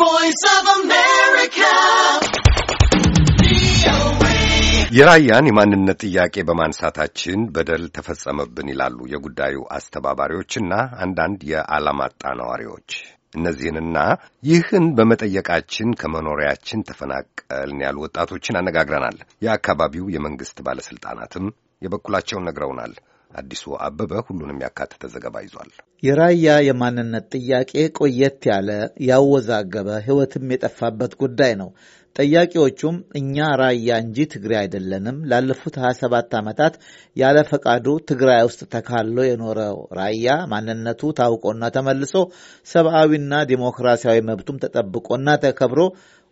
voice of America. የራያን የማንነት ጥያቄ በማንሳታችን በደል ተፈጸመብን ይላሉ የጉዳዩ አስተባባሪዎችና አንዳንድ የአላማጣ ነዋሪዎች። እነዚህንና ይህን በመጠየቃችን ከመኖሪያችን ተፈናቀልን ያሉ ወጣቶችን አነጋግረናል። የአካባቢው የመንግሥት ባለሥልጣናትም የበኩላቸውን ነግረውናል። አዲሱ አበበ ሁሉንም ያካተተ ዘገባ ይዟል። የራያ የማንነት ጥያቄ ቆየት ያለ ያወዛገበ፣ ሕይወትም የጠፋበት ጉዳይ ነው። ጠያቂዎቹም እኛ ራያ እንጂ ትግራይ አይደለንም፣ ላለፉት 27 ዓመታት ያለ ፈቃዱ ትግራይ ውስጥ ተካሎ የኖረው ራያ ማንነቱ ታውቆና ተመልሶ ሰብአዊና ዲሞክራሲያዊ መብቱም ተጠብቆና ተከብሮ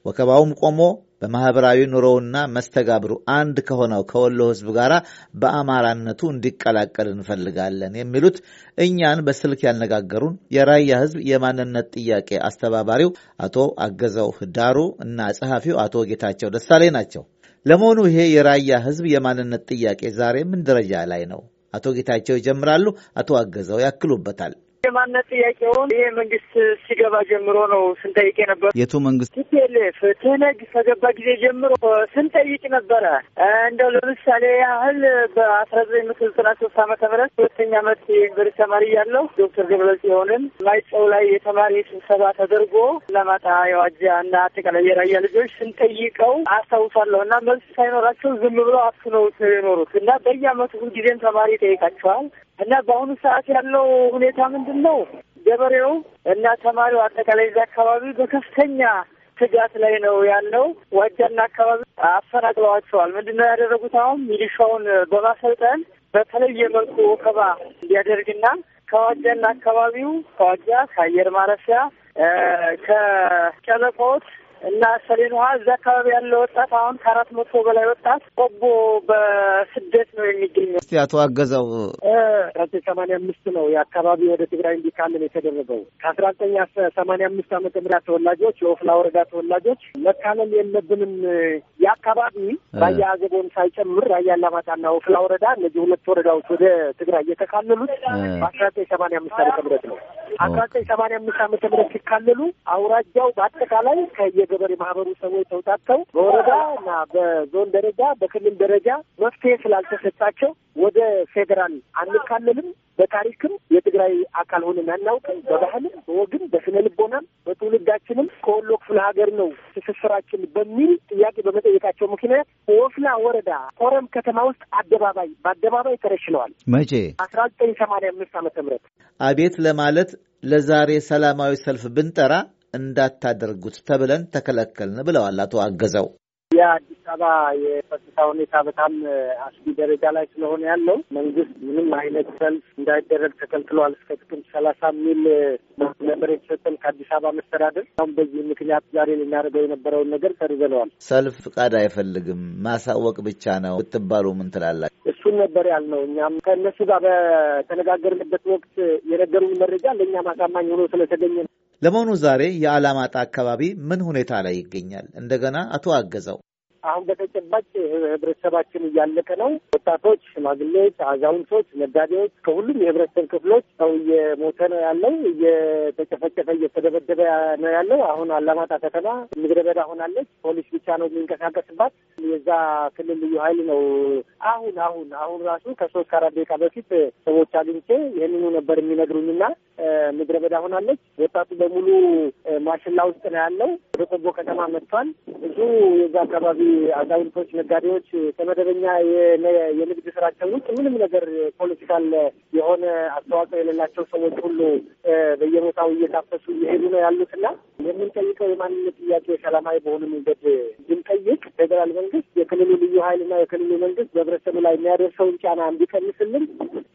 ወከባውም ቆሞ በማኅበራዊ ኑሮውና መስተጋብሩ አንድ ከሆነው ከወሎ ሕዝብ ጋር በአማራነቱ እንዲቀላቀል እንፈልጋለን የሚሉት እኛን በስልክ ያነጋገሩን የራያ ሕዝብ የማንነት ጥያቄ አስተባባሪው አቶ አገዘው ህዳሩ እና ጸሐፊው አቶ ጌታቸው ደሳሌ ናቸው። ለመሆኑ ይሄ የራያ ሕዝብ የማንነት ጥያቄ ዛሬ ምን ደረጃ ላይ ነው? አቶ ጌታቸው ይጀምራሉ። አቶ አገዘው ያክሉበታል። የማንነት ጥያቄውን ይሄ መንግስት ሲገባ ጀምሮ ነው ስንጠይቅ የነበረ። የቱ መንግስት? ቲፒኤልኤፍ ትህነግ ከገባ ጊዜ ጀምሮ ስንጠይቅ ነበረ። እንደው ለምሳሌ ያህል በአስራ ዘጠኝ መቶ ዘጠና ሶስት አመተ ምህረት ሁለተኛ ዓመት የዩኒቨርሲቲ ተማሪ ያለው ዶክተር ደብረጽዮንን ማይጨው ላይ የተማሪ ስብሰባ ተደርጎ ለማጣ የዋጃ እና አጠቃላይ የራያ ልጆች ስንጠይቀው አስታውሳለሁ እና መልስ ሳይኖራቸው ዝም ብለው አፍነውት የኖሩት እና በየአመቱ ሁልጊዜም ተማሪ ይጠይቃቸዋል እና በአሁኑ ሰዓት ያለው ሁኔታ ምንድን ነው? ገበሬው እና ተማሪው አጠቃላይ እዚያ አካባቢ በከፍተኛ ስጋት ላይ ነው ያለው። ዋጃና አካባቢ አፈናቅለዋቸዋል። ምንድን ነው ያደረጉት? አሁን ሚሊሻውን በማሰልጠን በተለየ መልኩ ወከባ እንዲያደርግና ከዋጃና አካባቢው ከዋጃ ከአየር ማረፊያ ከጨለቆት እና ሰሌን ውሃ እዚ አካባቢ ያለ ወጣት አሁን ከአራት መቶ በላይ ወጣት ቆቦ በስደት ነው የሚገኘው። እስቲ አቶ አገዘው ከዚ ሰማንያ አምስት ነው የአካባቢ ወደ ትግራይ እንዲካለል የተደረገው ከአስራ ዘጠኝ ሰማንያ አምስት አመተ ምህረት ተወላጆች የወፍላ ወረዳ ተወላጆች መካለል የለብንም የአካባቢ ራያ አዘቦን ሳይጨምር ራያ አላማጣና ወፍላ ወረዳ እነዚህ ሁለት ወረዳዎች ወደ ትግራይ እየተካለሉት በአስራ ዘጠኝ ሰማንያ አምስት አመተ ምህረት ነው። አስራ ዘጠኝ ሰማንያ አምስት አመተ ምህረት ሲካለሉ አውራጃው በአጠቃላይ ከየ የገበሬ ማህበሩ ሰዎች ተውጣጥተው በወረዳ እና በዞን ደረጃ በክልል ደረጃ መፍትሄ ስላልተሰጣቸው ወደ ፌዴራል አንካለልም፣ በታሪክም የትግራይ አካል ሆነን አናውቅም። በባህልም፣ በወግም፣ በስነ ልቦናም በትውልዳችንም ከወሎ ክፍለ ሀገር ነው ትስስራችን በሚል ጥያቄ በመጠየቃቸው ምክንያት ወፍላ ወረዳ ኮረም ከተማ ውስጥ አደባባይ በአደባባይ ተረሽነዋል። መቼ አስራ ዘጠኝ ሰማንያ አምስት ዓመተ ምህረት አቤት ለማለት ለዛሬ ሰላማዊ ሰልፍ ብንጠራ እንዳታደርጉት ተብለን ተከለከልን ብለዋል አቶ አገዘው። የአዲስ አበባ የጸጥታ ሁኔታ በጣም አስጊ ደረጃ ላይ ስለሆነ ያለው መንግስት ምንም አይነት ሰልፍ እንዳይደረግ ተከልክሏል እስከ ጥቅምት ሰላሳ የሚል ነበር የተሰጠን ከአዲስ አበባ መስተዳደር። አሁን በዚህ ምክንያት ዛሬ ልናደርገው የነበረውን ነገር ሰርዘነዋል። ሰልፍ ፍቃድ አይፈልግም ማሳወቅ ብቻ ነው ብትባሉ ምን ትላላችሁ? እሱን ነበር ያልነው። እኛም ከእነሱ ጋር በተነጋገርንበት ወቅት የነገሩን መረጃ ለእኛ ማሳማኝ ሆኖ ስለተገኘ ነው። ለመሆኑ ዛሬ የአላማጣ አካባቢ ምን ሁኔታ ላይ ይገኛል? እንደገና አቶ አገዘው አሁን በተጨባጭ ህብረተሰባችን እያለቀ ነው። ወጣቶች፣ ሽማግሌዎች፣ አዛውንቶች፣ ነጋዴዎች ከሁሉም የህብረተሰብ ክፍሎች ሰው እየሞተ ነው ያለው፣ እየተጨፈጨፈ እየተደበደበ ነው ያለው። አሁን አላማጣ ከተማ ምድረ በዳ ሆናለች። ፖሊስ ብቻ ነው የሚንቀሳቀስባት። የዛ ክልል ልዩ ኃይል ነው። አሁን አሁን አሁን ራሱ ከሶስት ከአራት ደቂቃ በፊት ሰዎች አግኝቼ ይህንኑ ነበር የሚነግሩኝና ምድረ በዳ ሆናለች። ወጣቱ በሙሉ ማሽላ ውስጥ ነው ያለው። ወደ ቆቦ ከተማ መጥቷል። ብዙ የዛ አካባቢ አዛውንቶች፣ ነጋዴዎች ከመደበኛ የንግድ ስራቸው ውጭ ምንም ነገር ፖለቲካል የሆነ አስተዋጽኦ የሌላቸው ሰዎች ሁሉ በየቦታው እየታፈሱ እየሄዱ ነው ያሉት የምንጠይቀው የማንነት ጥያቄ ሰላማዊ በሆነ መንገድ ብንጠይቅ ፌዴራል መንግስት፣ የክልሉ ልዩ ኃይልና የክልሉ መንግስት በህብረተሰቡ ላይ የሚያደርሰውን ጫና እንዲቀንስልን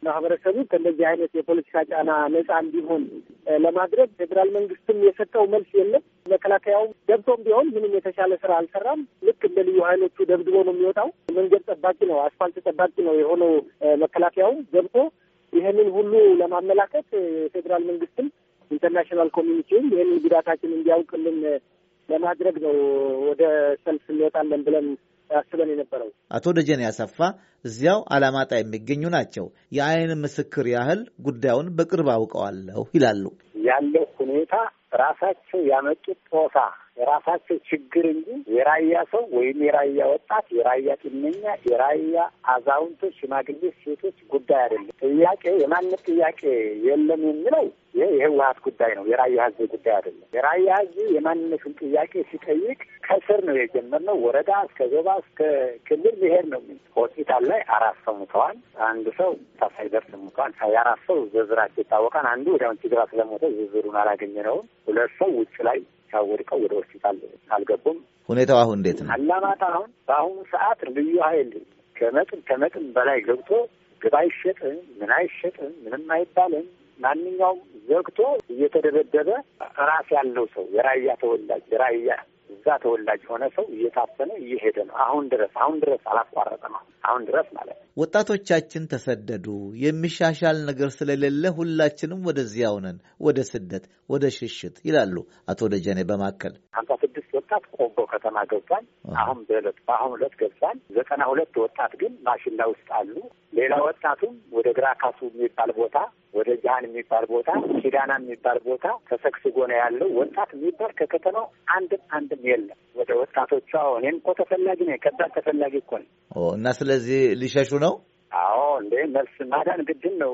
ማህበረሰቡ ከእንደዚህ አይነት የፖለቲካ ጫና ነጻ እንዲሆን ለማድረግ ፌዴራል መንግስትም የሰጠው መልስ የለም። መከላከያውም ገብቶም ቢሆን ምንም የተሻለ ስራ አልሰራም። ልክ እንደ ልዩ ኃይሎቹ ደብድቦ ነው የሚወጣው። መንገድ ጠባቂ ነው፣ አስፋልት ጠባቂ ነው የሆነው። መከላከያውም ገብቶ ይህንን ሁሉ ለማመላከት የፌዴራል መንግስትም ኢንተርናሽናል ኮሚኒቲውም ይህንን ጉዳታችን እንዲያውቅልን ለማድረግ ነው ወደ ሰልፍ እንወጣለን ብለን አስበን የነበረው። አቶ ደጀኔ ያሰፋ እዚያው አላማጣ የሚገኙ ናቸው። የአይን ምስክር ያህል ጉዳዩን በቅርብ አውቀዋለሁ ይላሉ። ያለው ሁኔታ ራሳቸው ያመጡት ጦሳ የራሳቸው ችግር እንጂ የራያ ሰው ወይም የራያ ወጣት፣ የራያ ጤነኛ፣ የራያ አዛውንቶች፣ ሽማግሌዎች፣ ሴቶች ጉዳይ አይደለም። ጥያቄ የማንም ጥያቄ የለም የሚለው ይህ የህወሀት ጉዳይ ነው። የራያ ህዝብ ጉዳይ አይደለም። የራያ ህዝብ የማንነቱን ጥያቄ ሲጠይቅ ከስር ነው የጀመርነው። ወረዳ እስከ ዞባ እስከ ክልል ብሄር ነው። ሆስፒታል ላይ አራት ሰው ሙተዋል። አንድ ሰው ሳይደርስ ሙተዋል። የአራት ሰው ዝርዝራቸው ይታወቃል። አንዱ ወዲያውን ትግራ ስለሞተ ዝርዝሩን አላገኘነውም። ሁለት ሰው ውጭ ላይ ከመኝታው ወድቀው ወደ ሆስፒታል አልገቡም። ሁኔታው አሁን እንዴት ነው? አላማት አሁን በአሁኑ ሰዓት ልዩ ኃይል ከመጥን ከመጥን በላይ ገብቶ ግብ አይሸጥም፣ ምን አይሸጥም፣ ምንም አይባልም። ማንኛውም ዘግቶ እየተደበደበ ራስ ያለው ሰው የራያ ተወላጅ የራያ የዛ ተወላጅ የሆነ ሰው እየታፈነ እየሄደ ነው። አሁን ድረስ አሁን ድረስ አላቋረጠም። አሁን ድረስ ማለት ነው። ወጣቶቻችን ተሰደዱ። የሚሻሻል ነገር ስለሌለ ሁላችንም ወደዚያው ነን፣ ወደ ስደት፣ ወደ ሽሽት ይላሉ አቶ ደጀኔ በማከል ሀምሳ ስድስት ወጣት ቆቦ ከተማ ገብቷል። አሁን በዕለት በአሁን ዕለት ገብቷል። ዘጠና ሁለት ወጣት ግን ማሽላ ውስጥ አሉ። ሌላ ወጣቱም ወደ ግራካሱ የሚባል ቦታ ወደ ጃሃን የሚባል ቦታ ኪዳና የሚባል ቦታ ተሰግስጎ ነው ያለው። ወጣት የሚባል ከከተማው አንድም አንድም የለም ወደ ወጣቶቹ አሁን እኔም እኮ ተፈላጊ ነው። ከዛ ተፈላጊ እኮ ነው እና ስለዚህ ሊሸሹ ነው። አዎ እንደ መልስ ማዳን ግድን ነው።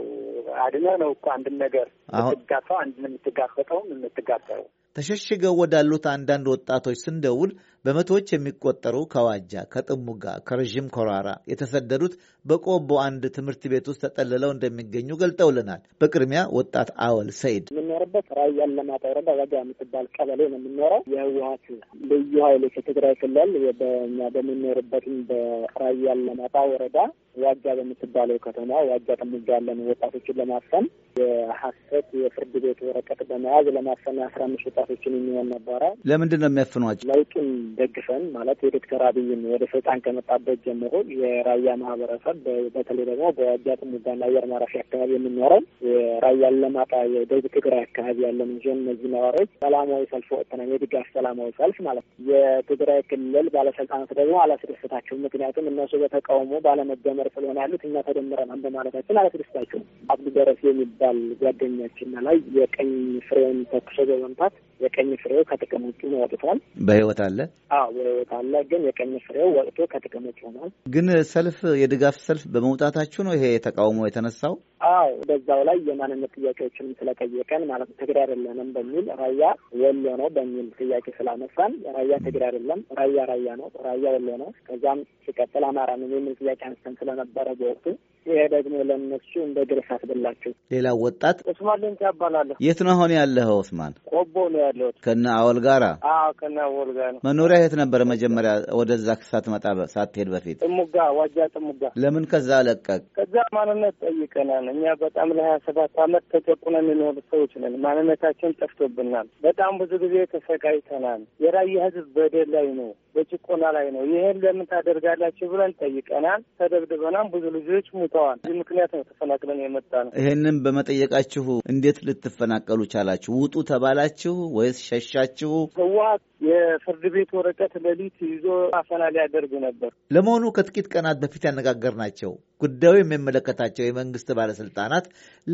አድነ ነው እኮ አንድን ነገር የምትጋፋው አንድን የምትጋፈጠውም የምትጋፈጠው ተሸሽገው ወዳሉት አንዳንድ ወጣቶች ስንደውል በመቶዎች የሚቆጠሩ ከዋጃ፣ ከጥሙጋ፣ ከረዥም ኮራራ የተሰደዱት በቆቦ አንድ ትምህርት ቤት ውስጥ ተጠልለው እንደሚገኙ ገልጠውልናል። በቅድሚያ ወጣት አወል ሰይድ የምንኖርበት ራያ ዓላማጣ ወረዳ ዋጋ የምትባል ቀበሌ ነው የምንኖረው። የህወሀት ልዩ ኃይሎች የትግራይ ክልል በእኛ በምንኖርበትም በራያ ዓላማጣ ወረዳ ዋጃ በምትባለው ከተማ ዋጃ ጥሙጋ ያለን ወጣቶችን ለማፈን የሀሰት የፍርድ ቤት ወረቀት በመያዝ ለማፈን የአስራ አምስት ወጣቶችን የሚሆን ነበረ። ለምንድን ነው የሚያፍኗቸው? ለውጡን ደግፈን ማለት የዶክተር አብይን ወደ ስልጣን ከመጣበት ጀምሮ የራያ ማህበረሰብ በተለይ ደግሞ በጃት ሙባና አየር ማረፊያ አካባቢ የምንኖረው የራያ ለማጣ የደቡብ ትግራይ አካባቢ ያለን እንጂ እነዚህ ነዋሪዎች ሰላማዊ ሰልፍ ወጥተናል። የድጋፍ ሰላማዊ ሰልፍ ማለት ነው። የትግራይ ክልል ባለስልጣናት ደግሞ አላስደሰታቸውም። ምክንያቱም እነሱ በተቃውሞ ባለመደመር ስለሆነ ያሉት እኛ ተደምረናል በማለታችን አላስደሰታቸውም። አብዱ ደረስ የሚባል ጓደኛችን ላይ የቀኝ ፍሬውን ተኩሶ በመምታት የቀኝ ፍሬው ከጥቅም ውጭ ወጥቷል። በህይወት አለ? አዎ በህይወት አለ፣ ግን የቀኝ ፍሬው ወጥቶ ከጥቅም ውጭ ሆኗል። ግን ሰልፍ የድጋፍ ሰልፍ በመውጣታችሁ ነው ይሄ ተቃውሞ የተነሳው? አዎ በዛው ላይ የማንነት ጥያቄዎችንም ስለጠየቀን ማለት ነው ትግሬ አይደለንም በሚል ራያ ወሎ ነው በሚል ጥያቄ ስላነሳን ራያ ትግሬ አይደለም፣ ራያ ራያ ነው፣ ራያ ወሎ ነው። ከዛም ሲቀጥል አማራ ነው የሚል ጥያቄ አንስተን ስለነበረ በወቅቱ ይሄ ደግሞ ለነሱ እንደ ግርስ ብላቸው ሌላ ወጣት ኦስማን ልንት ያባላለሁ። የት ነው አሁን ያለኸው ኦስማን? ቆቦ ነው ያለሁት ከነ አወል ጋራ። አዎ ከነ አወል ጋር ነው። መኖሪያ የት ነበረ መጀመሪያ? ወደዛ ሳትመጣ ሳትሄድ በፊት ጥሙጋ፣ ዋጃ ጥሙጋ። ለምን ከዛ ለቀቅ? ከዛ ማንነት ጠይቀናል። እኛ በጣም ለሀያ ሰባት አመት ተጨቁነን የሚኖሩ ሰዎች ነን። ማንነታችን ጠፍቶብናል። በጣም ብዙ ጊዜ ተሰቃይተናል። የራያ ህዝብ በደል ላይ ነው በጭቆና ላይ ነው። ይህን ለምን ታደርጋላችሁ ብለን ጠይቀናል። ተደብድበናል። ብዙ ልጆች ሙተዋል። ይህ ምክንያት ነው ተፈናቅለን የመጣ ነው። ይህንም በመጠየቃችሁ እንዴት ልትፈናቀሉ ቻላችሁ? ውጡ ተባላችሁ ወይስ ሸሻችሁ? ህወሓት የፍርድ ቤት ወረቀት ሌሊት ይዞ አፈና ሊያደርግ ነበር። ለመሆኑ ከጥቂት ቀናት በፊት ያነጋገርናቸው ጉዳዩ የሚመለከታቸው የመንግስት ባለስልጣናት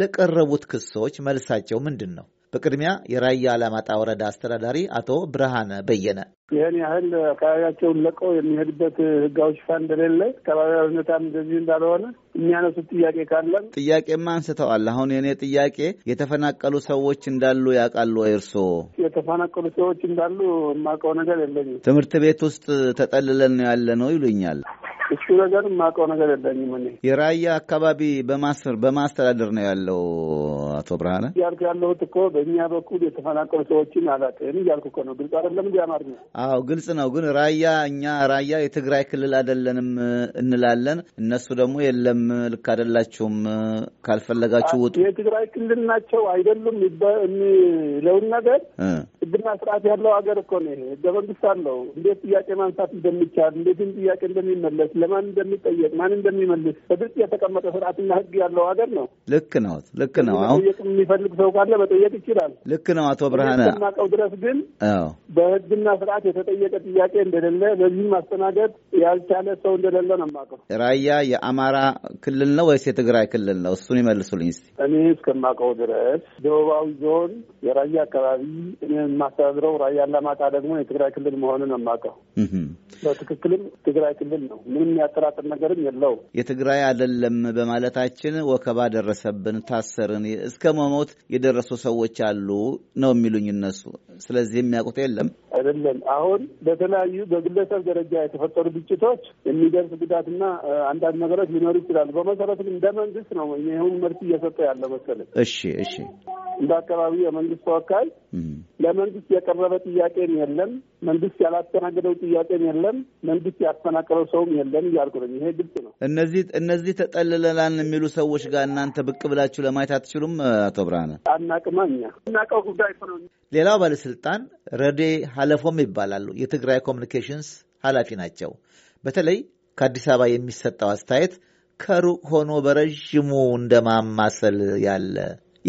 ለቀረቡት ክሶች መልሳቸው ምንድን ነው? በቅድሚያ የራያ አላማጣ ወረዳ አስተዳዳሪ አቶ ብርሃነ በየነ ይህን ያህል አካባቢያቸውን ለቀው የሚሄድበት ህጋዊ ሽፋን እንደሌለ አካባቢያዊ ሁኔታም እንደዚህ እንዳልሆነ የሚያነሱት ጥያቄ ካለን ጥያቄማ አንስተዋል። አሁን የእኔ ጥያቄ የተፈናቀሉ ሰዎች እንዳሉ ያውቃሉ እርስዎ? የተፈናቀሉ ሰዎች እንዳሉ የማውቀው ነገር የለኝም። ትምህርት ቤት ውስጥ ተጠልለን ያለ ነው ይሉኛል። እሱ ነገር የማውቀው ነገር የለኝም። እኔ የራያ አካባቢ በማስር በማስተዳደር ነው ያለው። አቶ ብርሃነ እያልኩ ያለሁት እኮ በእኛ በኩል የተፈናቀሉ ሰዎችን አላውቅም እያልኩ እኮ ነው። ግልጽ አይደለም እንዲ አማርኛ። አዎ ግልጽ ነው። ግን ራያ እኛ ራያ የትግራይ ክልል አይደለንም እንላለን። እነሱ ደግሞ የለም ልክ አይደላችሁም፣ ካልፈለጋችሁ ውጡ። የትግራይ ክልል ናቸው አይደሉም ለውን ነገር ህግና ስርዓት ያለው ሀገር እኮ ነው ይሄ። ህገ መንግስት አለው። እንዴት ጥያቄ ማንሳት እንደሚቻል፣ እንዴትም ጥያቄ እንደሚመለስ፣ ለማን እንደሚጠየቅ፣ ማን እንደሚመልስ በግልጽ የተቀመጠ ስርዓትና ህግ ያለው ሀገር ነው። ልክ ነው፣ ልክ ነው። አሁን ጠየቅ የሚፈልግ ሰው ካለ መጠየቅ ይችላል። ልክ ነው አቶ ብርሃነ። እስከማውቀው ድረስ ግን በህግና ስርዓት የተጠየቀ ጥያቄ እንደሌለ፣ በዚህም ማስተናገድ ያልቻለ ሰው እንደሌለ ነው የማውቀው። ራያ የአማራ ክልል ነው ወይስ የትግራይ ክልል ነው? እሱን ይመልሱልኝ እስኪ። እኔ እስከማውቀው ድረስ ደቡባዊ ዞን የራያ አካባቢ የማስተዳድረው ራያ አላማጣ ደግሞ የትግራይ ክልል መሆኑን የማውቀው በትክክልም ትግራይ ክልል ነው። ምንም የሚያጠራጥር ነገርም የለው የትግራይ አይደለም በማለታችን ወከባ ደረሰብን፣ ታሰርን፣ እስከ መሞት የደረሱ ሰዎች አሉ ነው የሚሉኝ እነሱ። ስለዚህ የሚያውቁት የለም አይደለም። አሁን በተለያዩ በግለሰብ ደረጃ የተፈጠሩ ግጭቶች የሚደርስ ጉዳትና አንዳንድ ነገሮች ሊኖሩ ይችላሉ። በመሰረቱ እንደ መንግስት ነው ይሁን መልስ እየሰጠ ያለው መሰለኝ። እሺ፣ እሺ፣ እንደ አካባቢው የመንግስት ተወካይ ለመንግስት የቀረበ ጥያቄም የለም። መንግስት ያላስተናገደው ጥያቄም የለም። መንግስት ያፈናቀለው ሰውም የለም እያልኩ ነው። ይሄ ግልጽ ነው። እነዚህ እነዚህ ተጠልለላን የሚሉ ሰዎች ጋር እናንተ ብቅ ብላችሁ ለማየት አትችሉም? አቶ ብርሃነ አናቅማ እኛ እናቀው ጉዳይ ነው። ሌላው ባለስልጣን ረዴ ሀለፎም ይባላሉ። የትግራይ ኮሚኒኬሽንስ ኃላፊ ናቸው። በተለይ ከአዲስ አበባ የሚሰጠው አስተያየት ከሩቅ ሆኖ በረዥሙ እንደማማሰል ያለ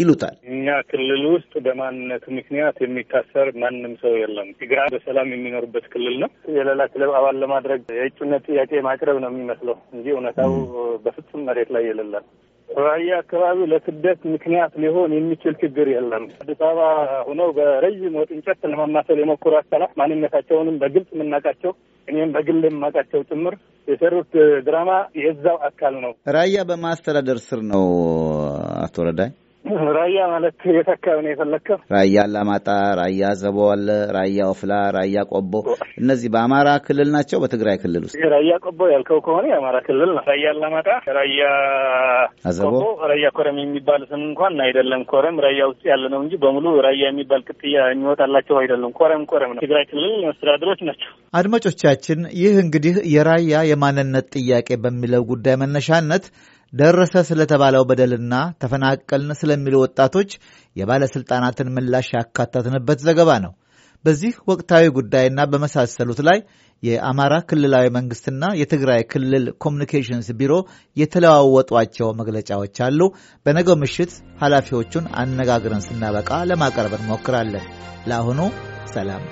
ይሉታል። እኛ ክልል ውስጥ በማንነት ምክንያት የሚታሰር ማንም ሰው የለም። ትግራይ በሰላም የሚኖርበት ክልል ነው። የሌላ ክለብ አባል ለማድረግ የእጩነት ጥያቄ ማቅረብ ነው የሚመስለው እንጂ እውነታው በፍጹም መሬት ላይ የሌለም። ራያ አካባቢ ለስደት ምክንያት ሊሆን የሚችል ችግር የለም። አዲስ አበባ ሆነው በረዥም ወጥ እንጨት ለማማሰል የሞከሩ አካላት ማንነታቸውንም በግልጽ የምናውቃቸው እኔም በግል የማውቃቸው ጭምር የሰሩት ድራማ የዛው አካል ነው። ራያ በማስተዳደር ስር ነው አቶ ረዳይ ራያ ማለት የት አካባቢ ነው የፈለግከው? ራያ አላማጣ፣ ራያ ዘቦ አለ፣ ራያ ወፍላ፣ ራያ ቆቦ፣ እነዚህ በአማራ ክልል ናቸው። በትግራይ ክልል ውስጥ ራያ ቆቦ ያልከው ከሆነ የአማራ ክልል ነው። ራያ አላማጣ፣ ራያ ዘቦ፣ ራያ ኮረም የሚባል ስም እንኳን አይደለም። ኮረም ራያ ውስጥ ያለ ነው እንጂ በሙሉ ራያ የሚባል ቅጥያ የሚወጣላቸው አይደለም። ኮረም ኮረም ነው። ትግራይ ክልል መስተዳድሮች ናቸው። አድማጮቻችን፣ ይህ እንግዲህ የራያ የማንነት ጥያቄ በሚለው ጉዳይ መነሻነት ደረሰ ስለተባለው በደልና ተፈናቀልን ስለሚሉ ወጣቶች የባለሥልጣናትን ምላሽ ያካተትንበት ዘገባ ነው። በዚህ ወቅታዊ ጉዳይና በመሳሰሉት ላይ የአማራ ክልላዊ መንግስትና የትግራይ ክልል ኮሚኒኬሽንስ ቢሮ የተለዋወጧቸው መግለጫዎች አሉ። በነገው ምሽት ኃላፊዎቹን አነጋግረን ስናበቃ ለማቀረብ እንሞክራለን። ለአሁኑ ሰላም።